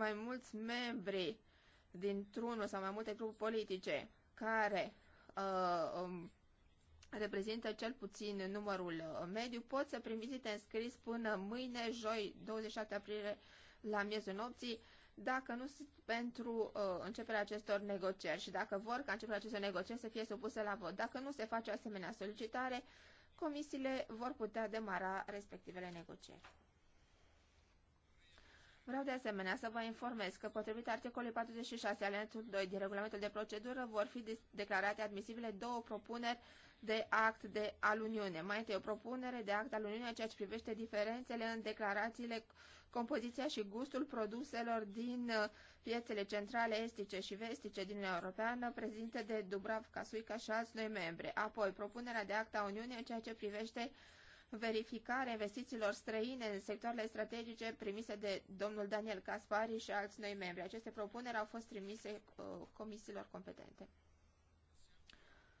mai mulți membri dintr-unul sau mai multe grupuri politice care uh, um, reprezintă cel puțin numărul uh, mediu pot să prin vizite înscris până mâine, joi, 27 aprilie, la miezul nopții, dacă nu pentru uh, începerea acestor negocieri și dacă vor ca începerea acestor negocieri să fie supuse la vot. Dacă nu se face asemenea solicitare, comisiile vor putea demara respectivele negocieri. Vreau de asemenea să vă informez că, potrivit articolului 46 alineatul 2 din regulamentul de procedură, vor fi declarate admisibile două propuneri de act de al Uniune. Mai întâi o propunere de act al Uniunii ceea ce privește diferențele în declarațiile, compoziția și gustul produselor din uh, piețele centrale estice și vestice din Uniunea Europeană, prezinte de Dubravka, Suica și alți noi membre. Apoi, propunerea de act a Uniunii în ceea ce privește Verificare investițiilor străine în sectoarele strategice primise de domnul Daniel Caspari și alți noi membri. Aceste propuneri au fost trimise uh, comisiilor competente.